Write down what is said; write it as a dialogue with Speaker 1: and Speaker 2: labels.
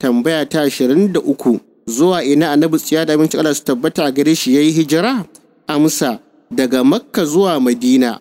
Speaker 1: tambaya ta uku, zuwa ina annabi tsiya da aminci Allah su tabbata gare shi ya yi hijira amsa daga makka zuwa madina